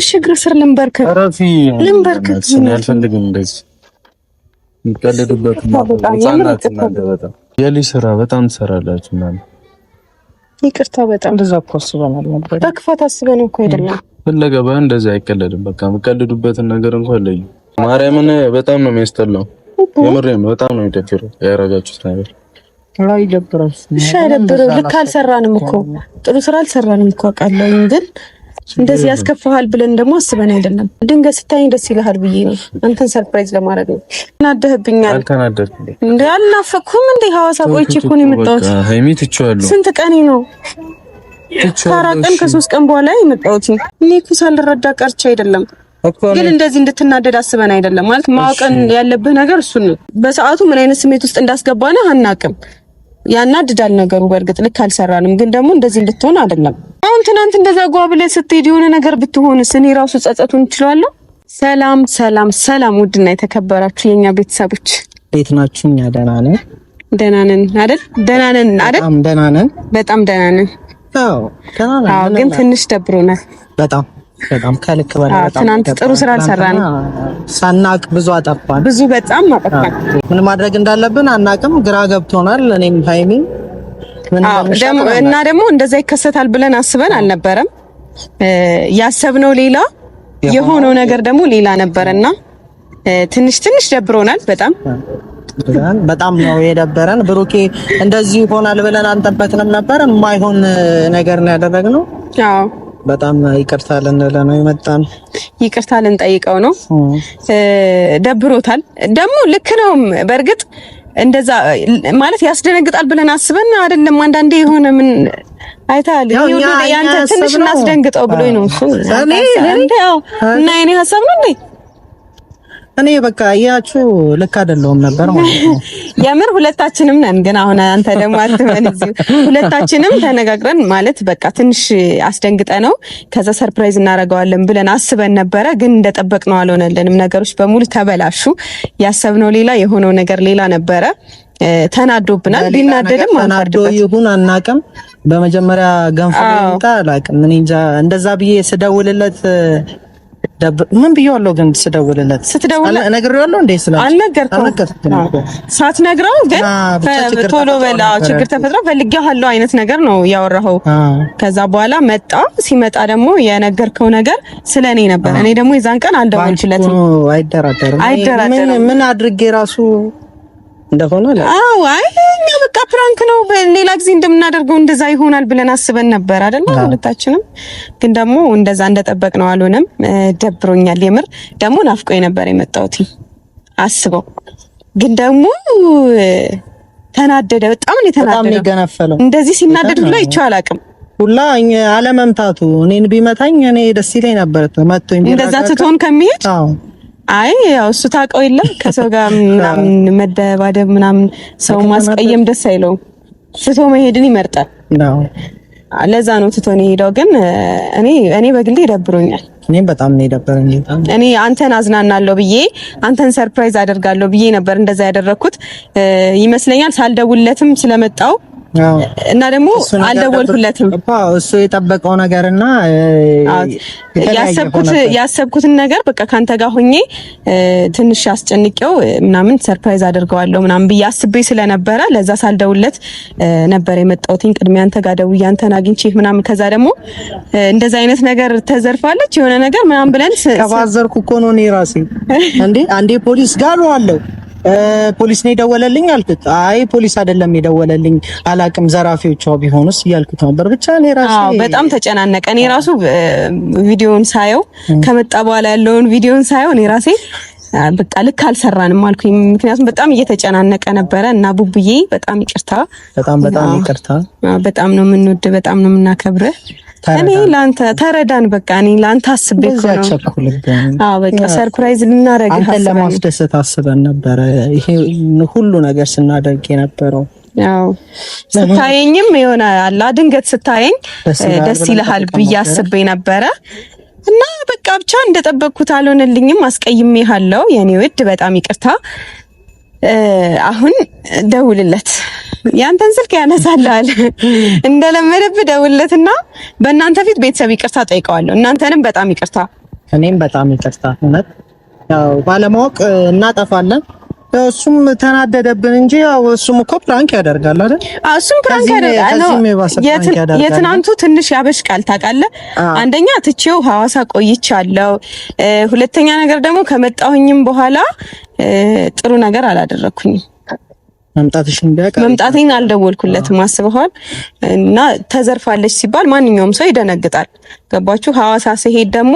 እሺ እግር ስር ልንበርከክ ልንበርከክ አልፈልግም። እንደዚህ የሚቀልድበት የልጅ ስራ በጣም ትሰራላችሁ ይቅርታ በጣም እንደዛ እኮ አስበናል በክፋት አስበን እኮ አይደለም ፍለጋ ባ እንደዚህ አይቀለድም። በቃ የሚቀልዱበትን ነገር እንኳን ለዩ። ማርያምን በጣም ነው የሚያስጠላው። የምሬን በጣም ነው የሚደብረው ያደረጋችሁት ነገር ላይ ደብረስ። እሺ አይደብርም። ልክ አልሰራንም እኮ ጥሩ ስራ አልሰራንም እኮ አውቃለሁ ግን እንደዚህ ያስከፋሃል ብለን ደግሞ አስበን አይደለም። ድንገት ስታይኝ ደስ ይልሃል ብዬ ነው አንተን ሰርፕራይዝ ለማድረግ ነው። እናደህብኛል። አልናፈኩም እንዴ? ሀዋሳ ቆይቼ እኮ ነው የመጣሁት። ስንት ቀኔ ነው? ከአራት ቀን ከሶስት ቀን በኋላ የመጣሁት እኔ እኮ ሳልረዳ ቀርቼ አይደለም ግን እንደዚህ እንድትናደድ አስበን አይደለም። ማለት ማወቅን ያለብህ ነገር እሱን ነው። በሰዓቱ ምን አይነት ስሜት ውስጥ እንዳስገባንህ አናውቅም። ያናድዳል ነገሩ። በእርግጥ ልክ አልሰራንም፣ ግን ደግሞ እንደዚህ እንድትሆን አይደለም። አሁን ትናንት እንደዛ ጓ ብለህ ስትሄድ የሆነ ነገር ብትሆንስ እኔ ራሱ ጸጸቱን እችላለሁ። ሰላም ሰላም ሰላም! ውድና የተከበራችሁ የኛ ቤተሰቦች እንዴት ናችሁ? እኛ ደህና ነን፣ ደህና ነን አይደል? ደህና ነን አይደል? በጣም ደህና ነን፣ በጣም ደህና ነን። አዎ ግን ትንሽ ደብሮናል በጣም በጣም ከልክ በላይ ትናንት ጥሩ ስራ አልሰራንም። ሳናቅ ብዙ አጠፋን፣ ብዙ በጣም አጠፋን። ምን ማድረግ እንዳለብን አናቅም፣ ግራ ገብቶናል። እኔም ሃይሚ እና ደግሞ እንደዛ ይከሰታል ብለን አስበን አልነበረም። ያሰብነው ሌላ የሆነው ነገር ደግሞ ሌላ ነበረና ትንሽ ትንሽ ደብሮናል በጣም በጣም ነው የደበረን። ብሩኬ እንደዚህ ይሆናል ብለን አንጠበቅንም ነበር። የማይሆን ነገር ነው ያደረግነው። አዎ በጣም ይቅርታ ልንለ ነው የመጣን። ይቅርታ ልንጠይቀው ነው። ደብሮታል ደግሞ ልክ ነውም። በእርግጥ እንደዛ ማለት ያስደነግጣል ብለን አስበን አይደለም። አንዳንዴ የሆነ ምን አይታል ያንተ ትንሽ እናስደንግጠው ብሎኝ ነው እሱ እና የኔ ሀሳብ ነው እንዴ እኔ በቃ ያችሁ ልክ አይደለሁም ነበር ማለት ነው። የምር ሁለታችንም ነን፣ ግን አሁን አንተ ደግሞ አትመን እዚሁ ሁለታችንም ተነጋግረን ማለት በቃ ትንሽ አስደንግጠ ነው። ከዛ ሰርፕራይዝ እናደርገዋለን ብለን አስበን ነበረ፣ ግን እንደጠበቅነው አልሆነልንም። ነገሮች በሙሉ ተበላሹ። ያሰብነው ሌላ የሆነው ነገር ሌላ ነበረ። ተናዶብናል። ቢናደድም ተናዶ ይሁን አናቅም። በመጀመሪያ ገንፎ ይምጣ አላቅም። እኔ እንጃ እንደዛ ብዬ ስደውልለት ምን ብየዋለሁ ግን ስደውልለት ስትደውል እነግሬዋለሁ እንዴ ስለ አልነገርኩም ሳትነግረው ግን ቶሎ በላ ችግር ተፈጥሮ ፈልጌሃለሁ አይነት ነገር ነው ያወራኸው ከዛ በኋላ መጣ ሲመጣ ደግሞ የነገርከው ነገር ስለ እኔ ነበር እኔ ደግሞ የዛን ቀን አልደወልኩለትም አይደራደርም አይደራደርም ምን አድርጌ ራሱ እንደሆነ አዎ፣ አይ እኛ በቃ ፕራንክ ነው፣ በሌላ ጊዜ እንደምናደርገው እንደዛ ይሆናል ብለን አስበን ነበር አይደል? ሁለታችንም ግን ደግሞ እንደዛ እንደጠበቅ ነው አልሆነም። ደብሮኛል፣ የምር ደግሞ ናፍቆ ነበር የመጣሁት አስበው፣ ግን ደግሞ ተናደደ። በጣም ነው የተናደደው። እንደዚህ ሲናደድ ሁላ አይቼው አላውቅም። ሁላ አለመምታቱ እኔን ቢመታኝ እኔ ደስ ይለኝ ነበር። መጥቶኝ እንደዛ ትቶን ከሚሄድ አዎ አይ ያው እሱ ታውቀው የለም ከሰው ጋር ምናምን መደባደብ ምናምን ሰው ማስቀየም ደስ አይለውም። ትቶ መሄድን ይመርጣል። ለዛ ነው ትቶ ነው የሄደው። ግን እኔ እኔ በግሌ ይደብሮኛል። እኔ በጣም ነው የደበረኝ። እኔ አንተን አዝናናለሁ ብዬ አንተን ሰርፕራይዝ አደርጋለሁ ብዬ ነበር እንደዛ ያደረኩት ይመስለኛል። ሳልደውለትም ስለመጣው እና ደግሞ አልደወልኩለትም እሱ የጠበቀው ነገር እና ያሰብኩት ያሰብኩትን ነገር በቃ ካንተ ጋር ሆኜ ትንሽ አስጨንቄው ምናምን ሰርፕራይዝ አድርገዋለሁ ምናምን ብዬ አስቤ ስለነበረ ለዛ ሳልደውለት ነበር የመጣሁት። ቅድሚያ አንተ ጋር ደውዬ አንተን አግኝቼ ምናምን ከዛ ደግሞ እንደዛ አይነት ነገር ተዘርፋለች የሆነ ነገር ምናምን ብለን ከባዘርኩ እኮ ነው እኔ ራሴ እንዴ አንዴ ፖሊስ ጋር አለው ፖሊስ ነው የደወለልኝ አልኩት። አይ ፖሊስ አይደለም የደወለልኝ አላቅም፣ ዘራፊዎቿ ቢሆኑስ እያልኩት ነበር። ብቻ እኔ ራሴ በጣም ተጨናነቀ። እኔ ራሱ ቪዲዮን ሳየው ከመጣ በኋላ ያለውን ቪዲዮን ሳየው እኔ ራሴ በቃ ልክ አልሰራንም አልኩኝ። ምክንያቱም በጣም እየተጨናነቀ ነበረ እና ቡቡዬ በጣም ይቅርታ፣ በጣም በጣም ይቅርታ። በጣም ነው የምንወድ፣ በጣም ነው የምናከብርህ። እኔ ላንተ ተረዳን፣ በቃ እኔ ለአንተ አስቤ እኮ ነው። አዎ በቃ ሰርፕራይዝ ልናደርግ አንተ ለማስደሰት አስበን ነበረ። ይሄ ሁሉ ነገር ስናደርግ የነበረው ያው ስታየኝም የሆነ አላ ድንገት ስታየኝ ደስ ይልሃል ብዬ አስቤ ነበረ። በቃ ብቻ እንደጠበቅኩት አልሆነልኝም። አስቀይሜሃለሁ የኔ ውድ፣ በጣም ይቅርታ። አሁን ደውልለት፣ ያንተን ስልክ ያነሳልሃል። እንደለመደብ ደውልለትና በእናንተ ፊት ቤተሰብ ይቅርታ ጠይቀዋለሁ። እናንተንም በጣም ይቅርታ፣ እኔም በጣም ይቅርታ። እውነት ያው ባለማወቅ እናጠፋለን እሱም ተናደደብን እንጂ ያው እሱም እኮ ፕራንክ ያደርጋል አይደል? እሱም ፕራንክ ያደርጋል። የትናንቱ ትንሽ ያበሽቃል ታውቃለህ። አንደኛ ትቼው ሐዋሳ ቆይቻለሁ። ሁለተኛ ነገር ደግሞ ከመጣሁኝም በኋላ ጥሩ ነገር አላደረኩኝም። መምጣትሽን ቢያውቅ መምጣቴን አልደወልኩለትም አስበዋል። እና ተዘርፋለች ሲባል ማንኛውም ሰው ይደነግጣል። ገባችሁ? ሐዋሳ ሲሄድ ደግሞ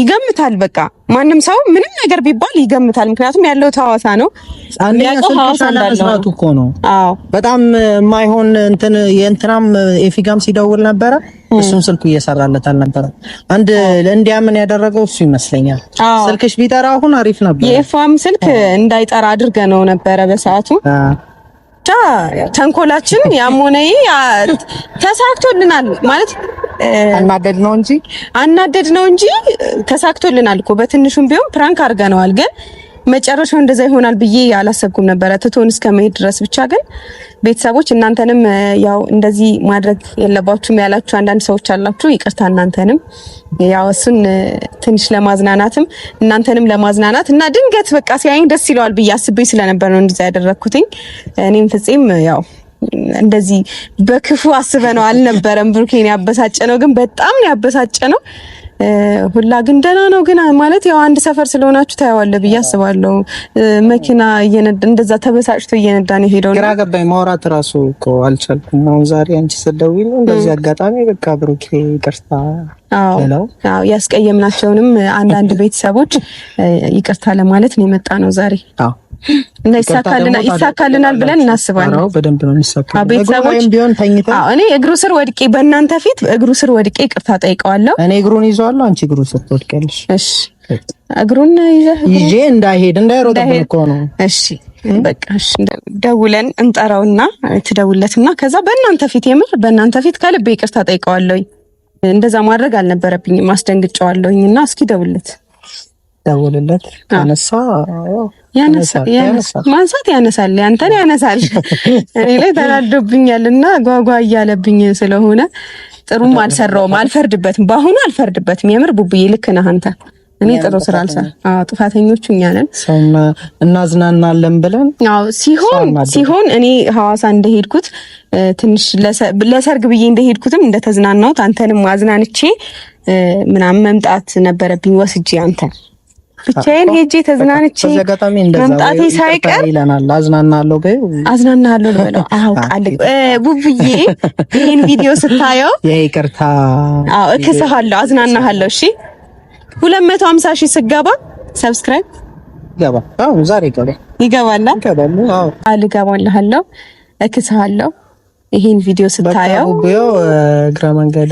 ይገምታል። በቃ ማንም ሰው ምንም ነገር ቢባል ይገምታል። ምክንያቱም ያለው ሐዋሳ ነው። አንደኛው እኮ ነው። አዎ፣ በጣም የማይሆን እንትን የእንትናም ኤፊጋም ሲደውል ነበረ። እሱም ስልኩ እየሰራለት አልነበረ። አንድ እንዲያምን ያደረገው እሱ ይመስለኛል። ስልክሽ ቢጠራ አሁን አሪፍ ነበር። የኤፋም ስልክ እንዳይጠራ አድርገ ነው ነበረ በሰዓቱ ብቻ ተንኮላችን ያሞነይ ተሳክቶልናል ማለት አናደድ ነው እንጂ አናደድ ነው እንጂ ተሳክቶልናል እኮ በትንሹም ቢሆን ፕራንክ አድርገነዋል ግን መጨረሻው እንደዛ ይሆናል ብዬ አላሰብኩም ነበረ ትቶን እስከ መሄድ ድረስ። ብቻ ግን ቤተሰቦች እናንተንም ያው እንደዚህ ማድረግ የለባችሁም ያላችሁ አንዳንድ ሰዎች አላችሁ። ይቅርታ እናንተንም ያው እሱን ትንሽ ለማዝናናትም እናንተንም ለማዝናናት እና ድንገት በቃ ሲያየኝ ደስ ይለዋል ብዬ አስቤኝ ስለነበር ነው እንደዛ ያደረግኩትኝ። እኔም ፍፄም ያው እንደዚህ በክፉ አስበ ነው አልነበረም ብሩኬን ያበሳጨ ነው ግን በጣም ያበሳጨ ነው። ሁላ ግን ደህና ነው። ግን ማለት ያው አንድ ሰፈር ስለሆናችሁ ታየዋለህ ብዬ አስባለሁ። መኪና እየነዳ እንደዛ ተበሳጭቶ እየነዳ ነው የሄደው። ግራ ገባኝ። ማውራት ራሱ እኮ አልቻልኩም። አሁን ዛሬ አንቺ ስትደውይልኝ እንደዚህ አጋጣሚ በቃ ብሩኬ ይቅርታ አዎ ያስቀየምናቸውንም አንዳንድ ቤተሰቦች ይቅርታ ለማለት ነው የመጣ ነው ዛሬ። እና ይሳካልናል ብለን እናስባለን። በደንብ ነው የሚሳካው። ቤተሰቦች ቢሆን ተኝተው እኔ እግሩ ስር ወድቄ በእናንተ ፊት እግሩ ስር ወድቄ ይቅርታ ጠይቀዋለሁ። እኔ እግሩን ይዘዋለሁ፣ አንቺ እግሩ ስር ትወድቂያለሽ። እሺ፣ እግሩን ይዘህ ይዤ እንዳይሄድ እንዳይሮጥ እኮ ነው። እሺ፣ በቃ እሺ። ደውለን እንጠራውና ትደውለትና ከዛ በእናንተ ፊት የምር በእናንተ ፊት ከልቤ ይቅርታ ጠይቀዋለሁ። እንደዛ ማድረግ አልነበረብኝም፣ እና እስኪ ደውለት ደውልለት ያነሳ ማንሳት ያነሳል፣ ያንተን ያነሳል። እኔ ላይ ተናዶብኛል እና ጓጓ እያለብኝ ስለሆነ ጥሩም አልሰራውም። አልፈርድበትም፣ በአሁኑ አልፈርድበትም። የምር ቡብዬ ልክ ነህ አንተ። እኔ ጥሩ ስራ አልሰራም። ጥፋተኞቹ እኛ ነን። እናዝናናለን ብለን አዎ ሲሆን ሲሆን እኔ ሐዋሳ እንደሄድኩት ትንሽ ለሰርግ ብዬ እንደሄድኩትም እንደተዝናናሁት አንተንም አዝናንቼ ምናምን መምጣት ነበረብኝ ወስጄ አንተን ብቻዬን ሄጄ ተዝናንቼ አጋጣሚ መምጣቴ ሳይቀር ይለናል። አዝናናለሁ ገ አዝናናለሁ ልበለው አውቃለሁ። ቡብዬ ይህን ቪዲዮ ስታየው ይቅርታ እክስሃለሁ፣ አዝናናሃለሁ። እሺ ሁለት መቶ ሀምሳ ሺህ ስገባ ሰብስክራይብ ይገባ ዛሬ ይገባ ይገባላ ልገባልሃለሁ፣ እክስሃለሁ ይሄን ቪዲዮ ስታየው ግራ መንገድ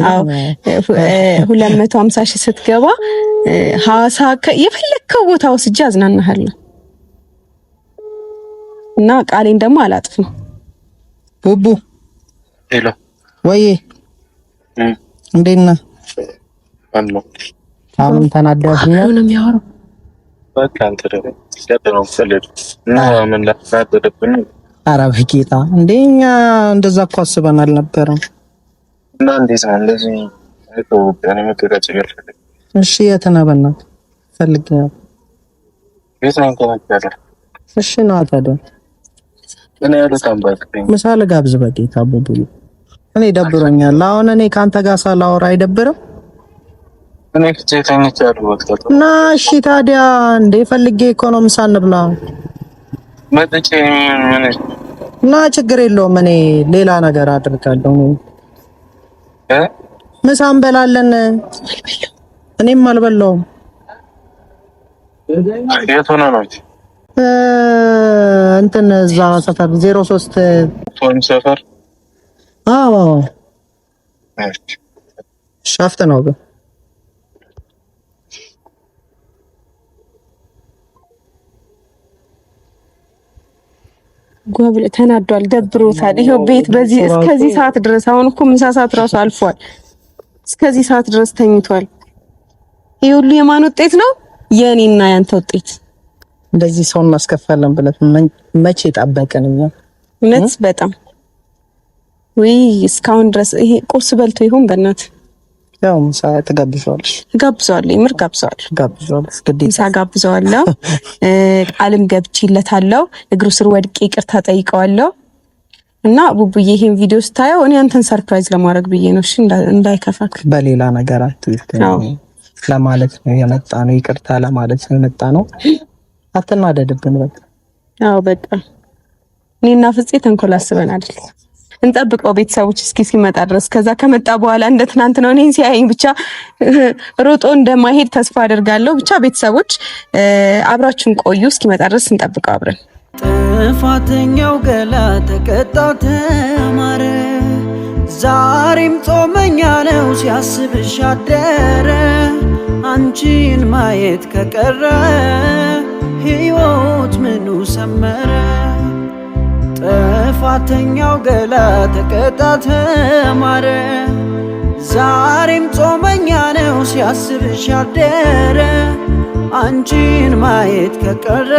ሁለት መቶ ሀምሳ ሺህ ስትገባ ሀዋሳ የፈለግከው ቦታ ወስጄ አዝናናሃለሁ እና ቃሌን ደግሞ አላጥፍም። ቡቡ ሄሎ፣ ወይዬ እንዴት ነህ? አሁን ተናደድኩኝ ነው ነው የሚያወራው። በቃ አንተ ደግሞ ኧረ በጌታ እንደ እንደዛ እኮ አስበን አልነበረም። እና እንዴት ነው እንደዚህ? እሺ የት ነህ? ነው ፈልጌሀለሁ። እሺ ነዋ ታዲያ ምሳ ልጋብዝ። በቂታ ቡቡሉ እኔ ደብሮኛል። አሁን እኔ ካንተ ጋር ሳላወራ አይደብርም? እና እሺ ታዲያ እንዴ ፈልጌ እኮ ነው ምሳ እንብላ እና ችግር የለውም። እኔ ሌላ ነገር አድርጋለሁ። ምሳ እንበላለን። እኔም አልበላውም። የት ሆነ ነው እንትን እዛ ሰፈር ዜሮ ሶስት ሰፈር አዎ፣ ሻፍት ነው ግን ጓብለ ተናዷል፣ ደብሮታል። ይሄው ቤት በዚህ እስከዚህ ሰዓት ድረስ አሁን እኮ ምሳ ሰዓት ራሱ አልፏል። እስከዚህ ሰዓት ድረስ ተኝቷል። ይሄ ሁሉ የማን ውጤት ነው? የኔና ያንተ ውጤት። እንደዚህ ሰውን ማስከፈለን ብለት መቼ ጣበቀን እኛ እውነት። በጣም ወይ እስካሁን ድረስ ይሄ ቁርስ በልቶ ይሁን በእናት ያው ምሳ ትጋብዘዋለሽ? እጋብዘዋለሁ። የምር ጋብዘዋለሁ። ጋብዘዋለሁ። ግዴታ ምሳ ጋብዘዋለሁ። ቃልም ገብቼለታለሁ። እግሩ ስር ወድቄ ይቅርታ ጠይቀዋለሁ። እና ቡቡዬ ይሄን ቪዲዮ ስታየው እኔ አንተን ሰርፕራይዝ ለማድረግ ብዬ ነው። እሺ እንዳይከፋክ። በሌላ ነገር ለማለት ነው የመጣ ነው። ይቅርታ ለማለት ነው የመጣ ነው። አትናደድብን። በቃ አዎ፣ በቃ እኔና ፍፄ ተንኮል አስበን አይደል እንጠብቀው ቤተሰቦች እስኪ ሲመጣረስ ድረስ። ከዛ ከመጣ በኋላ እንደ ትናንት ነው እኔን ሲያየኝ ብቻ ሮጦ እንደማይሄድ ተስፋ አደርጋለሁ። ብቻ ቤተሰቦች አብራችሁን ቆዩ፣ እስኪመጣ ድረስ እንጠብቀው አብረን። ጥፋተኛው ገላ ተቀጣ ተማረ፣ ዛሬም ጾመኛ ነው ሲያስብሽ አደረ። አንቺን ማየት ከቀረ ሕይወት ምኑ ሰመረ ጥፋተኛው ገላ ተቀጣ ተማረ። ዛሬም ጾመኛ ነው ሲያስብሽ ያደረ። አንቺን ማየት ከቀረ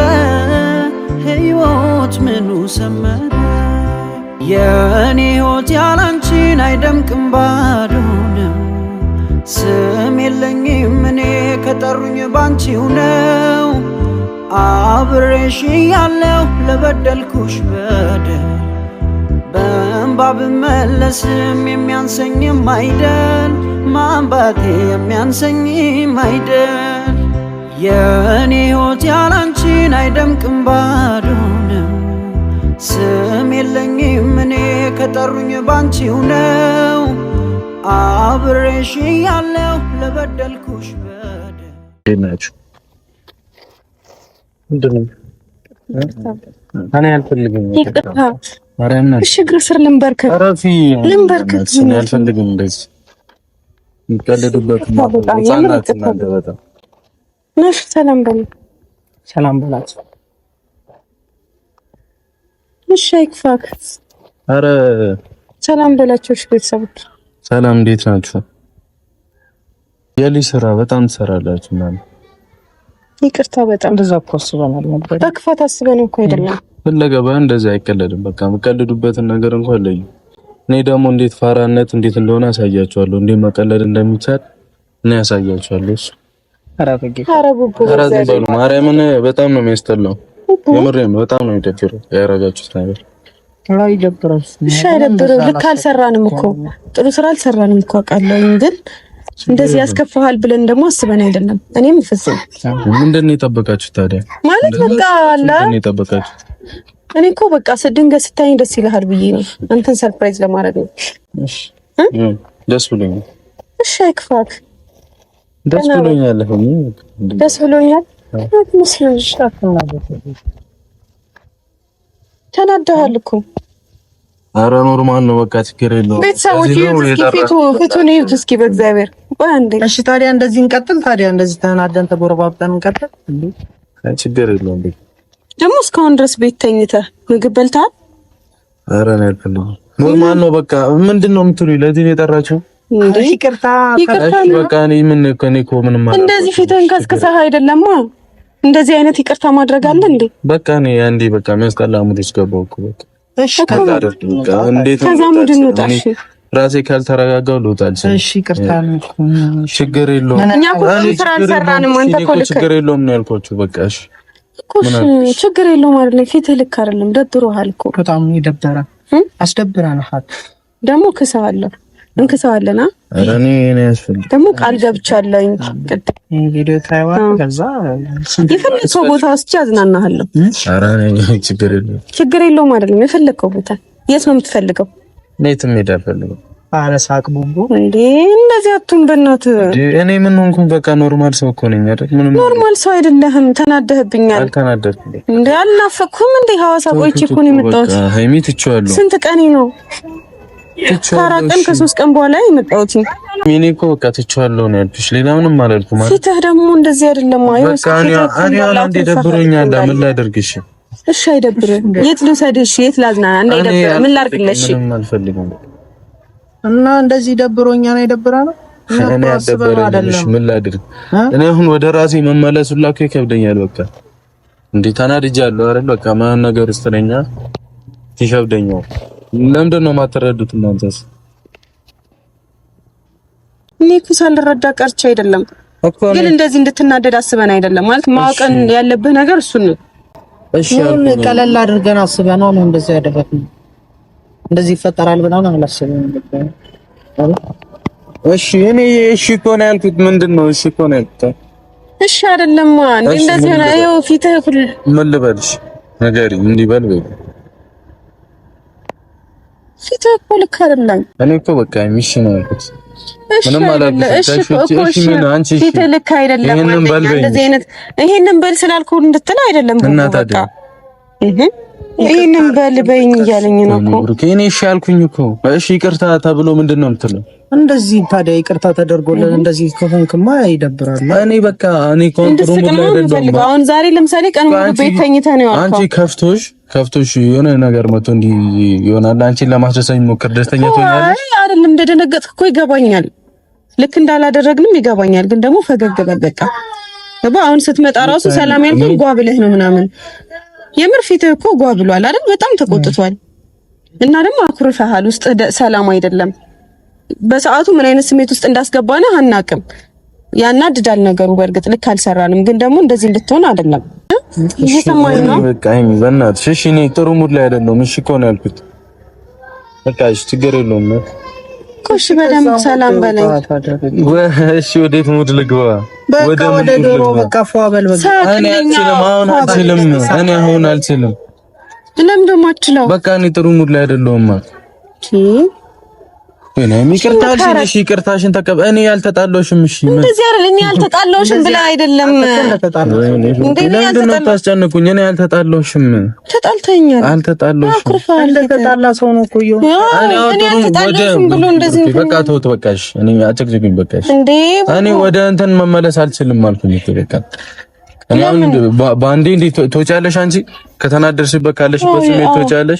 ሕይወት ምኑ ሰመረ? የእኔ ሕይወት ያላንቺን አይደምቅም ባዶ ነው። ስም የለኝም እኔ ከጠሩኝ ባንቺው ነው አብሬሽ ያለው ለበደልኩሽ በደል በእንባ ብመለስም የሚያንሰኝም አይደል ማንባቴ የሚያንሰኝም አይደል የእኔ ሕይወት ያላንቺን አይደምቅም ባዶ ስም የለኝም እኔ ከጠሩኝ ባንቺው ነው። አብሬሽ ያለው ለበደልኩሽ በደል እኔ አልፈልግም። ይቅርታ አልፈልግም። እንደዚህ ህጻናት እናንተ በጣም ነሽ። ሰላም በል ሰላም በላት። እሺ፣ አይክፋክ። ሰላም በላቸው። እሺ፣ ቤተሰቦች ሰላም፣ እንዴት ናችሁ? የልጅ ስራ በጣም ትሰራላችሁ እናንተ ይቅርታ በጣም እንደዛ እኮ አስበናል ነበር። በክፋት አስበን እኮ አይደለም። ፍለገባ እንደዚህ አይቀለድም። በቃ የምቀልዱበትን ነገር እንኳን ለዩ። እኔ ደግሞ እንዴት ፋራነት እንዴት እንደሆነ ያሳያቸዋለሁ። እንዴት መቀለድ እንደሚቻል እኔ ያሳያቸዋለሁ። እሱ አረጉ ማርያምን በጣም ነው የሚያስጠላው። የምር በጣም ነው የሚደብሩ ያረጋችሁት ነገር ላይ ደብረስ ሻይ ደብረ ልክ አልሰራንም እኮ ጥሩ ስራ አልሰራንም እኮ አውቃለሁ ግን እንደዚህ ያስከፋሃል ብለን ደግሞ አስበን አይደለም። እኔም ፍጹም ምንድን ነው የጠበቃችሁ ታዲያ? ማለት በቃ አለ የጠበቃችሁ። እኔ እኮ በቃ ድንገት ስታይኝ ደስ ይልሃል ብዬ ነው አንተን ሰርፕራይዝ ለማድረግ ነው። ደስ ብሎኛል። እሺ አይክፋክ። ደስ ብሎኛል። ደስ ብሎኛል። ተናደሃል እኮ አረ ኖርማል ነው። በቃ ችግር የለውም። ቤተሰቦች ፊቱን ይዩት እስኪ በእግዚአብሔር። እሺ ታዲያ እንደዚህ እንቀጥል። ታዲያ እንደዚህ ተናደን ተጎረባብጠን እንቀጥል። ችግር የለውም። ደግሞ እስካሁን ድረስ ቤት ተኝተህ ምግብ በልተሃል? አረ ነው ያልፈለው። ኖርማል ነው በቃ። ምንድን ነው የምትሉኝ? ለዚህ ነው የጠራችሁ? እንደዚህ ፊትህን ከስክሰህ እንደዚህ አይነት ይቅርታ ማድረግ አለ እንዴ? በቃ እኔ አንዴ በቃ የሚያስጠላ ሙድ ውስጥ ገባሁ እኮ በቃ እሺ ከዛ እንዴት ራሴ ካልተረጋጋው ልወጣል። እሺ ይቅርታ ችግር የለውም። እኛ እኮ ስራ አልሰራንም። አንተ እኮ ልክ ችግር የለውም ነው ያልኳችሁ። በቃ እሺ እኮ ችግር የለውም አይደለም። ፊት ልክ አይደለም። ደብሮሃል እኮ በጣም ይደብራል። አስደብራናል ደግሞ ክሰሃለሁ እንክሰዋለና ደግሞ ቃል ገብቻለኝ የፈለግከው ቦታ ውስጥ አዝናናሃለሁ። ችግር የለውም አይደለም። የፈለግከው ቦታ የት ነው የምትፈልገው? ቡቡ እንዴ እንደዚህ አትሁን በእናትህ። እኔ ምን ሆንኩኝ? በቃ ኖርማል ሰው እኮ ነኝ አይደል? ምንም ኖርማል ሰው አይደለህም። ተናደህብኛል። አልተናደድኩም እንዴ? እንዴ? ቆይቼ እኮ ነው የመጣሁት። ስንት ቀኔ ነው ከአራት ከሶስት ቀን በኋላ የመጣሁት እኔ እኮ በቃ ትቼዋለሁ ነው ያልኩሽ። ሌላ ምንም አላልኩም። ፊትህ ደግሞ እንደዚህ አይደለም። አንዴ ደብሮኛል። ምን ላደርግሽ? እሺ አይደብርም። የት ልውሰድሽ? የት ላዝናና? እንዳይደብር ምን ላድርግልሽ? እና እንደዚህ ደብሮኛል። አይደብራ ነው እኔ ያደበረኝሽ ምን ላድርግ? እኔ አሁን ወደ ራሴ መመለስ ሁላ እኮ ይከብደኛል። በቃ እንዴ ተናድጃለሁ አይደል? በቃ ማን ነገር ስትለኛ ይከብደኛል ለምንድን ነው የማትረዱት እናንተስ? እኔ እኮ ሳልረዳ ቀርቼ አይደለም፣ ግን እንደዚህ እንድትናደድ አስበን አይደለም። ማለት ማወቅን ያለብህ ነገር እሱ ነው። እሺ ቀለል አድርገን አስበን ነው እንደዚህ ያደረግነው። እንደዚህ ይፈጠራል ብለን አላስብም። እሺ እኔ እሺ እኮ ነው ያልኩት። ምንድን ነው እሺ እኮ ነው ያልኩት። እሺ አይደለም እንደዚህ ነው። ይኸው ፊትህ ሁሉ ምን ልበልሽ? ንገሪኝ እንዲህ በል በይ ፊት እኮ ልክ አይደለም። እኔ እኮ በቃ ሚሽ ነው ያልኩት። ምንም ልክ አይደለም። ይሄንን በል እንድትል አይደለም። ይሄንን በል በይኝ እያለኝ ነው እኮ እኔ እሺ አልኩኝ እኮ እሺ ይቅርታ ተብሎ ምንድን ነው የምትለው? እንደዚህ ታዲያ ይቅርታ ተደርጎልን እንደዚህ ከሆንክማ ይደብራል። እኔ በቃ እኔ ኮንትሮ ሙሉ አይደለም። አሁን ዛሬ ለምሳሌ ቀን ሙሉ ቤት ተኝተን ነው አንቺ ከፍቶሽ ከፍቶሽ የሆነ ነገር መቶ እንዲህ ይሆናል። አንቺን ለማስደሰኝ ሞክር፣ ደስተኛ ትሆኛለሽ። አይ አይደለም፣ እንደደነገጥክ እኮ ይገባኛል። ልክ እንዳላደረግንም ይገባኛል። ግን ደግሞ ፈገግ በል በቃ እባ አሁን ስትመጣ ራሱ ሰላም ያልከኝ ጓ ብለህ ነው ምናምን። የምር ፊትህ እኮ ጓ ብሏል አይደል? በጣም ተቆጥቷል። እና ደግሞ አኩርፈሃል። ውስጥ ሰላም አይደለም በሰዓቱ ምን አይነት ስሜት ውስጥ እንዳስገባነ አናቅም። ያናድዳል ነገሩ። በእርግጥ ልክ አልሰራንም፣ ግን ደግሞ እንደዚህ እንድትሆን አይደለም። እየሰማኝ ነው። በእናትሽ እሺ። እኔ ጥሩ ሙድ ላይ አይደለሁም። እሺ እኮ ነው ያልኩት። በቃ እሺ፣ ችግር የለውም እኮ እሺ። ሰላም በለኝ። እሺ፣ ወዴት ሙድ ልግባ? ወደ በቃ ፏበል በቃ እኔ አሁን አልችልም፣ ለምን ደግሞ አትችለው? በቃ እኔ ጥሩ ሙድ ላይ አይደለሁም። እኔም ይቅርታሽን እሺ ይቅርታሽን ተቀበ እኔ ያልተጣላሁሽም እሺ እንደዚህ አይደል እኔ ያልተጣላሁሽም ብላ አይደለም ነው ታስጨንቁኝ እኔ ያልተጣላሁሽም ተጣልተኛል አልተጣላሁሽም እንደተጣላ ሰው ነው እኮ በቃ ተውት በቃሽ እኔ አጨቅጭቁኝ በቃሽ እኔ ወደ እንትን መመለስ አልችልም አልኩኝ እኮ በቃ በአንዴ እንዴ ትወጫለሽ አንቺ ከተናደርሽበት ካለሽበት ስሜት ትወጫለሽ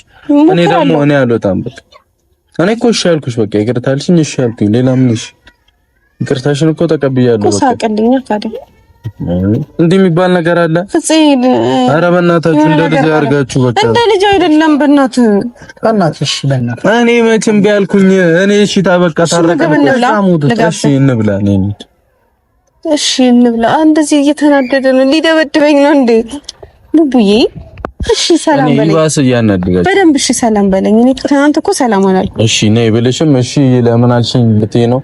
እኔ ደግሞ እኔ አልወጣም በቃ እኔ እኮ እሺ አልኩሽ፣ በቃ ይቅርታ አልሽኝ፣ እሺ አልኩኝ። ሌላ ምንሽ? እሺ? ይቅርታሽን እኮ ተቀብያለሁ። በቃ ሳቀልኛ። ታዲያ እንዲህ የሚባል ነገር አለ? ኧረ በእናታችሁ እንደ ልጅ አድርጋችሁ፣ በቃ እንደ ልጅ አይደለም። በእናትህ በእናትሽ፣ በእናት እኔ መቼም ቢያልኩኝ እኔ እሺ፣ ታበቃ ታረቀ። እሺ እንብላ ነኝ። እሺ እንብላ። እንደዚህ እየተናደደ ነው፣ ሊደበድበኝ ነው እንዴ ቡቡዬ? እሺ ሰላም በለኝ። ይባስ እያናደጋችሁ በደንብ እሺ ሰላም በለኝ። እኔ ትናንት እኮ ሰላም አላልኩም። እሺ ነይ ብልሽም እሺ ለምን አልሽኝ ልትይ ነው?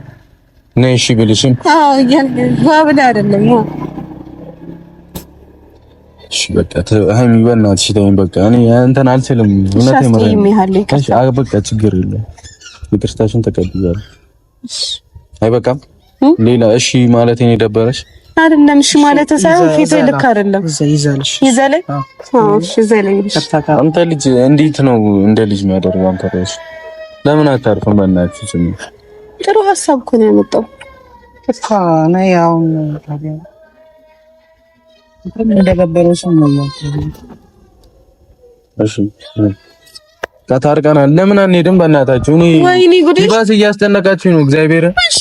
ነይ እሺ ብልሽም አዎ ብላ አይደለም። እሺ በቃ ሀይሚ በእናትሽ ተይኝ። በቃ እኔ እንትን አልችልም። እውነት ይመረኝ። እሺ በቃ ችግር የለም። ይቅርታሽን ተቀብያለሁ። አይ አይበቃም ሌላ እሺ ማለት እኔ ደበረሽ አይደለም። እሺ ማለት ሳይሆን ፊቱ ልክ አይደለም። ይዘልሽ ይዘለኝ። እሺ ይዘለኝ። አንተ ልጅ እንዴት ነው እንደ ልጅ የሚያደርገው? አንተ ራስህ ለምን አታርፍም? በእናትሽ ስሚ፣ ጥሩ ሀሳብ እኮ ነው ያመጣው። እፋ ነው ያው ታዲያ እንደገበረው ታርቀናል። ለምን አንሄድም? በእናታችሁ ነው። ወይኔ ጉዴ! ባስ እያስጨነቃችሁ ነው እግዚአብሔር እሺ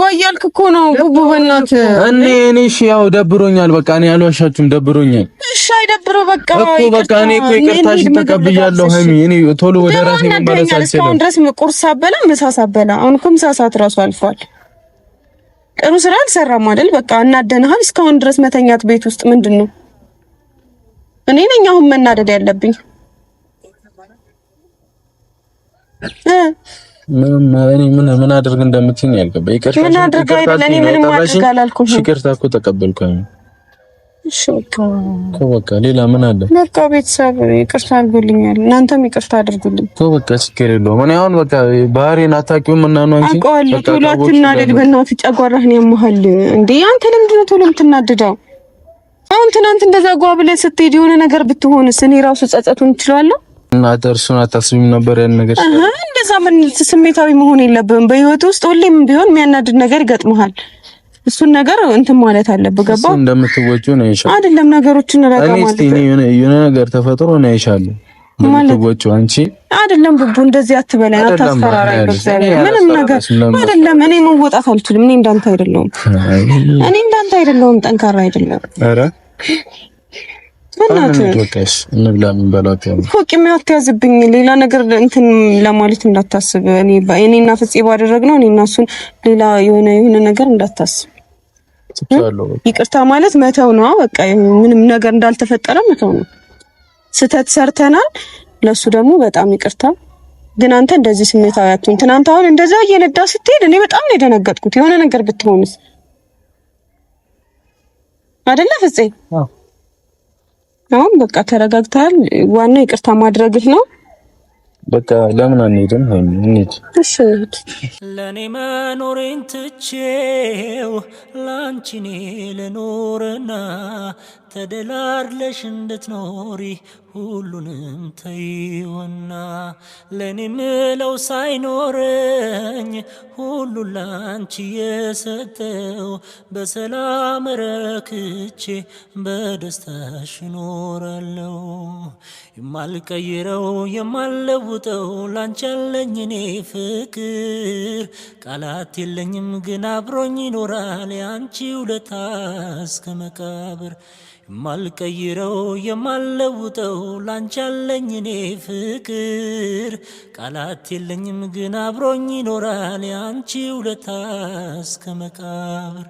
ዘጎ እኮ ነው። ቡቡ በእናትህ እኔ እኔ እሺ፣ ያው ደብሮኛል። በቃ እኔ አልዋሻችሁም፣ ደብሮኛል። እሺ፣ አይደብሮ በቃ እኮ በቃ እኔ እኮ ይቅርታሽ ተቀብያለሁ። ሀይሚ፣ እኔ ቶሎ ወደ ራሴ መመለስ አልችልም። እስካሁን ድረስ ቁርስ ሳበላ ምሳ ሳበላ፣ አሁን እኮ ምሳ ሰዓት ራሱ አልፏል። ጥሩ ስራ አልሰራም አይደል? በቃ እናደንሃል። እስካሁን ድረስ መተኛት ቤት ውስጥ ምንድን ነው? እኔ ነኝ አሁን መናደድ ያለብኝ። ምን ምን አድርግ እንደምትይኝ አልገባኝ። ይቅርታ ምን አድርግ አይደል? እኔ ምንም አድርግ አላልኩሽም። ይቅርታ እኮ ተቀበልኩኝ። እሺ በቃ ሌላ ምን አለ? በቃ ቤተሰብ ይቅርታ አድርጉልኛል፣ እናንተም ይቅርታ አድርጉልኝ። እኮ በቃ ችግር የለውም። እኔ አሁን በቃ ባህሪን አታውቂውም እና ነው እንጂ አውቀዋለሁ። ቶሎ አትናደድ በእናትህ፣ ጨጓራህን ያመሃል እንዴ አንተ። ለምንድን ነው ቶሎ የምትናደደው? አሁን ትናንት እንደዛ ጓ ብለህ ስትሄድ የሆነ ነገር ብትሆንስ እኔ ራሱ ጸጸቱን እችላለሁ። እና እሱን አታስቢም ነበር ያን ነገር እንደዛ ምን ስሜታዊ መሆን የለብህም። በህይወት ውስጥ ሁሌም ቢሆን የሚያናድድ ነገር ይገጥመሃል። እሱን ነገር እንትን ማለት አለብህ። ገባህ? እንደምትወጪው ነው ይሻል አይደለም? ነገሮችን ረጋ ማለት እኔ የሆነ ነገር ተፈጥሮ ነው ይሻል ምትወጪው አንቺ አይደለም። ቡቡ እንደዚህ አትበለኝ፣ አታስፈራራኝ። ምንም ነገር አይደለም። እኔ መወጣት አልችልም። እኔ እንዳንተ አይደለሁም። እኔ እንዳንተ አይደለሁም። ጠንካራ አይደለም። አረ ፎቅ አትያዝብኝ። ሌላ ነገር እንትን ለማለት እንዳታስብ። እኔ እና ፍፄ ባደረግነው እኔ እና እሱን ሌላ የሆነ የሆነ ነገር እንዳታስብ። ይቅርታ ማለት መተው ነው። በቃ ምንም ነገር እንዳልተፈጠረ መተው ነው። ስህተት ሰርተናል። ለሱ ደግሞ በጣም ይቅርታ። ግን አንተ እንደዚህ ስሜታዊ አትሁን። ትናንት አሁን እንደዛ እየነዳ ስትሄድ እኔ በጣም ነው የደነገጥኩት። የሆነ ነገር ብትሆንስ አይደለ ፍፄ አሁን በቃ ተረጋግተሃል። ዋናው ይቅርታ ማድረግህ ነው። በቃ ለምን አንሄድም? እንሂድ። እሺ እንሂድ። ለእኔ መኖሬን ትቼው ላንቺ እኔ ልኖርና ተደላርለሽ እንድትኖሪ ሁሉንም ተይውና ለእኔ ምለው ሳይኖረኝ ሁሉን ላንቺ የሰጠው በሰላም ረክቼ በደስታሽ እኖራለሁ። የማልቀይረው የማልለውጠው ላንቺ ያለኝ እኔ ፍቅር ቃላት የለኝም፣ ግን አብሮኝ ይኖራል ያንቺ ውለታ እስከ መቃብር ማልቀይረው የማልለውጠው ላንቺ ያለኝ እኔ ፍቅር ቃላት የለኝም፣ ግን አብሮኝ ይኖራል ያንቺ ውለታ እስከ መቃብር